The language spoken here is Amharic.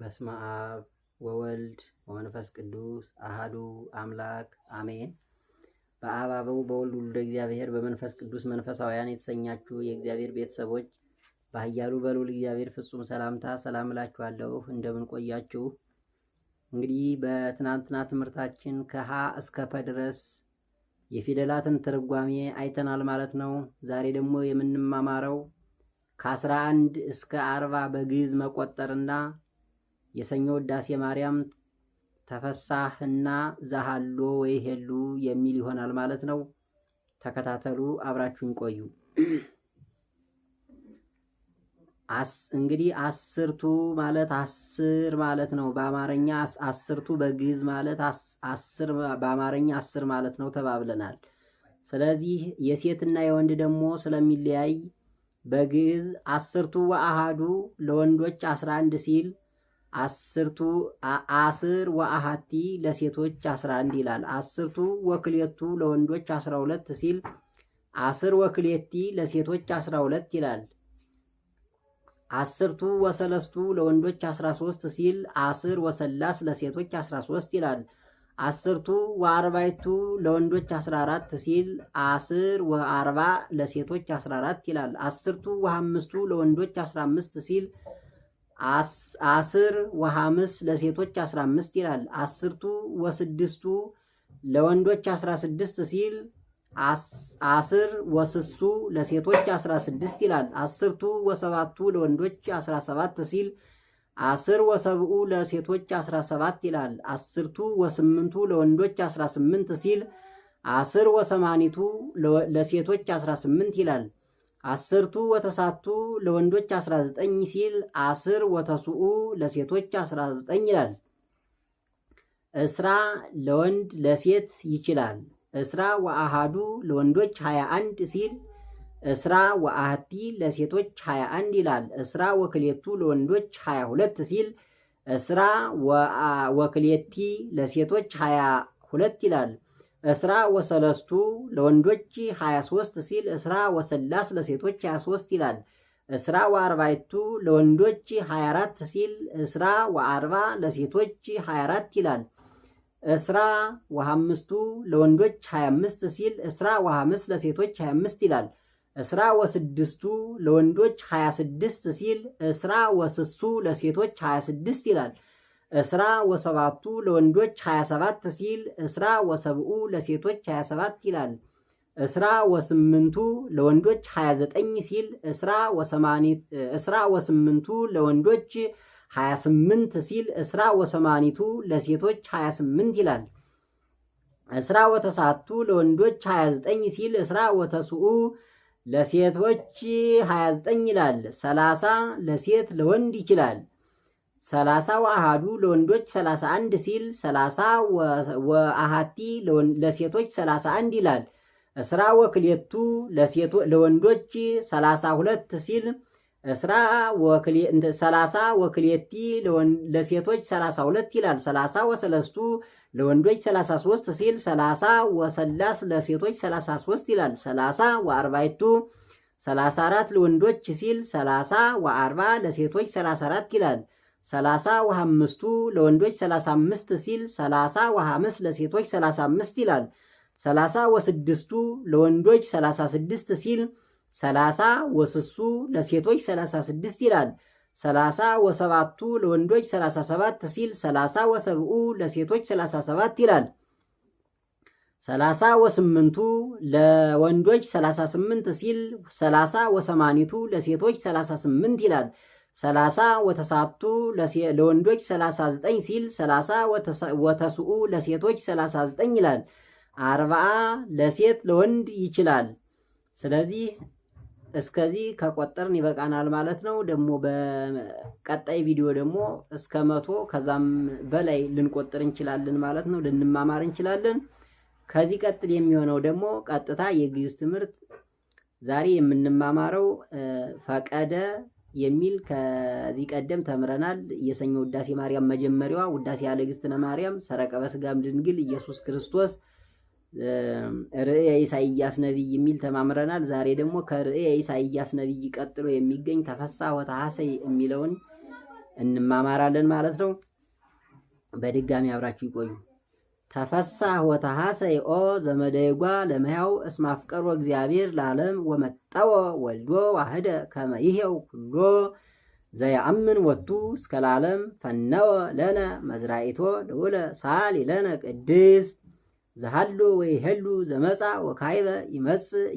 በስመ አብ ወወልድ ወመንፈስ ቅዱስ አሃዱ አምላክ አሜን። በአብ አበው በወልድ እግዚአብሔር በመንፈስ ቅዱስ መንፈሳውያን የተሰኛችሁ የእግዚአብሔር ቤተሰቦች ባህያሉ በልዑል እግዚአብሔር ፍጹም ሰላምታ ሰላም እላችኋለሁ። እንደምን ቆያችሁ? እንግዲህ በትናንትና ትምህርታችን ከሀ እስከ ፐ ድረስ የፊደላትን ትርጓሜ አይተናል ማለት ነው። ዛሬ ደግሞ የምንማማረው ከአስራ አንድ እስከ አርባ በግዕዝ መቆጠርና የሰኞ ውዳሴ ማርያም ተፈሳህና ዛሃሎ ወይ ሄሉ የሚል ይሆናል ማለት ነው። ተከታተሉ፣ አብራችሁን ቆዩ። እንግዲህ አስርቱ ማለት አስር ማለት ነው በአማርኛ አስርቱ በግዕዝ ማለት አስር በአማርኛ አስር ማለት ነው ተባብለናል። ስለዚህ የሴትና የወንድ ደግሞ ስለሚለያይ በግዕዝ አስርቱ ወአሃዱ ለወንዶች አስራ አንድ ሲል አስርቱ አስር ወአሃቲ ለሴቶች 11 ይላል። አስርቱ ወክሌቱ ለወንዶች 12 ሲል አስር ወክሌቲ ለሴቶች 12 ይላል። አስርቱ ወሰለስቱ ለወንዶች 13 ሲል አስር ወሰላስ ለሴቶች 13 ይላል። አስርቱ ወአርባይቱ ለወንዶች 14 ሲል አስር ወአርባ ለሴቶች 14 ይላል። አስርቱ ወአምስቱ ለወንዶች 15 ሲል አስር ወሐምስ ለሴቶች አስራ አምስት ይላል። አስርቱ ወስድስቱ ለወንዶች አስራ ስድስት ሲል አስር ወስሱ ለሴቶች አስራ ስድስት ይላል። አስርቱ ወሰባቱ ለወንዶች አስራ ሰባት ሲል አስር ወሰብኡ ለሴቶች አስራ ሰባት ይላል። አስርቱ ወስምንቱ ለወንዶች አስራ ስምንት ሲል አስር ወሰማኒቱ ለሴቶች አስራ ስምንት ይላል። አስርቱ ወተሳቱ ለወንዶች 19 ሲል አስር ወተሱኡ ለሴቶች 19 ይላል። እስራ ለወንድ ለሴት ይችላል። እስራ ወአሃዱ ለወንዶች 21 ሲል እስራ ወአህቲ ለሴቶች 21 ይላል። እስራ ወክሌቱ ለወንዶች 22 ሲል እስራ ወክሌቲ ለሴቶች 22 ይላል። እስራ ወሰለስቱ ለወንዶች 23 ሲል እስራ ወሰላስ ለሴቶች 23 ይላል። እስራ ወአርባይቱ ለወንዶች 24 ሲል እስራ ወአርባ ለሴቶች 24 ይላል። እስራ ወሐምስቱ ለወንዶች 25 ሲል እስራ ወሐምስ ለሴቶች 25 ይላል። እስራ ወስድስቱ ለወንዶች 26 ሲል እስራ ወስሱ ለሴቶች 26 ይላል። እስራ ወሰባቱ ለወንዶች 27 ሲል እስራ ወሰብኡ ለሴቶች 27 ይላል። እስራ ወስምንቱ ለወንዶች 29 ሲል እስራ ወሰማኒት እስራ ወስምንቱ ለወንዶች 28 ሲል እስራ ወሰማኒቱ ለሴቶች 28 ይላል። እስራ ወተሳቱ ለወንዶች 29 ሲል እስራ ወተስኡ ለሴቶች 29 ይላል። 30 ለሴት ለወንድ ይችላል። ሰላሳ ወአሃዱ ለወንዶች ሰላሳ አንድ ሲል ሰላሳ ወአሃቲ ለሴቶች ሰላሳ አንድ ይላል። እስራ ወክሌቱ ለወንዶች ሰላሳ ሁለት ሲል እስራ ሰላሳ ወክሌቲ ለሴቶች ሰላሳ ሁለት ይላል። ሰላሳ ወሰለስቱ ለወንዶች ሰላሳ ሶስት ሲል ሰላሳ ወሰላስ ለሴቶች ሰላሳ ሶስት ይላል። ሰላሳ ወአርባይቱ ሰላሳ አራት ለወንዶች ሲል ሰላሳ ወአርባ ለሴቶች ሰላሳ አራት ይላል። ሰላሳ ውሃ አምስቱ ለወንዶች ሰላሳ አምስት ሲል ሰላሳ ውሃ አምስት ለሴቶች ሰላሳ አምስት ይላል። ሰላሳ ወስድስቱ ለወንዶች ሰላሳ ስድስት ሲል ሰላሳ ወስሱ ለሴቶች ሰላሳ ስድስት ይላል። ሰላሳ ወሰባቱ ለወንዶች ሰላሳ ሰባት ሲል ሰላሳ ወሰብኡ ለሴቶች ሰላሳ ሰባት ይላል። ሰላሳ ወስምንቱ ለወንዶች ሰላሳ ስምንት ሲል ሰላሳ ወሰማኒቱ ለሴቶች ሰላሳ ስምንት ይላል። ሰላሳ ወተሳቱ ለወንዶች ዘጠኝ ሲል ሰላሳ ወተስኡ ለሴቶች ዘጠኝ ይላል። አርባ ለሴት ለወንድ ይችላል። ስለዚህ እስከዚህ ከቆጠርን ይበቃናል ማለት ነው። ደግሞ በቀጣይ ቪዲዮ ደግሞ እስከ መቶ ከዛም በላይ ልንቆጥር እንችላለን ማለት ነው። ልንማማር እንችላለን። ከዚህ ቀጥል የሚሆነው ደግሞ ቀጥታ የግዕዝ ትምህርት ዛሬ የምንማማረው ፈቀደ የሚል ከዚህ ቀደም ተምረናል። የሰኞ ውዳሴ ማርያም መጀመሪያዋ ውዳሴ አለግስትነ ማርያም ሰረቀ በስጋም ድንግል ኢየሱስ ክርስቶስ ርእየ ኢሳይያስ ነቢይ የሚል ተማምረናል። ዛሬ ደግሞ ከርእየ ኢሳይያስ ነቢይ ቀጥሎ የሚገኝ ተፈሳ ወተሐሰይ የሚለውን እንማማራለን ማለት ነው። በድጋሚ አብራችሁ ይቆዩ። ተፈሳህ ወተሃሰይኦ ዘመደይጓ ለመያው እስማፍቀሮ እግዚአብሔር ለዓለም ወመጠወ ወልዶ ዋህደ ይሄው ኩሎ ዘየአምን ወቱ እስከ ለዓለም ፈነወ ለነ መዝራኢቶ ልዑለ ሳሊ ለነ ቅድስት ዘሃሉ ወይሄሉ ዘመፃ ወካይበ ይመጽእ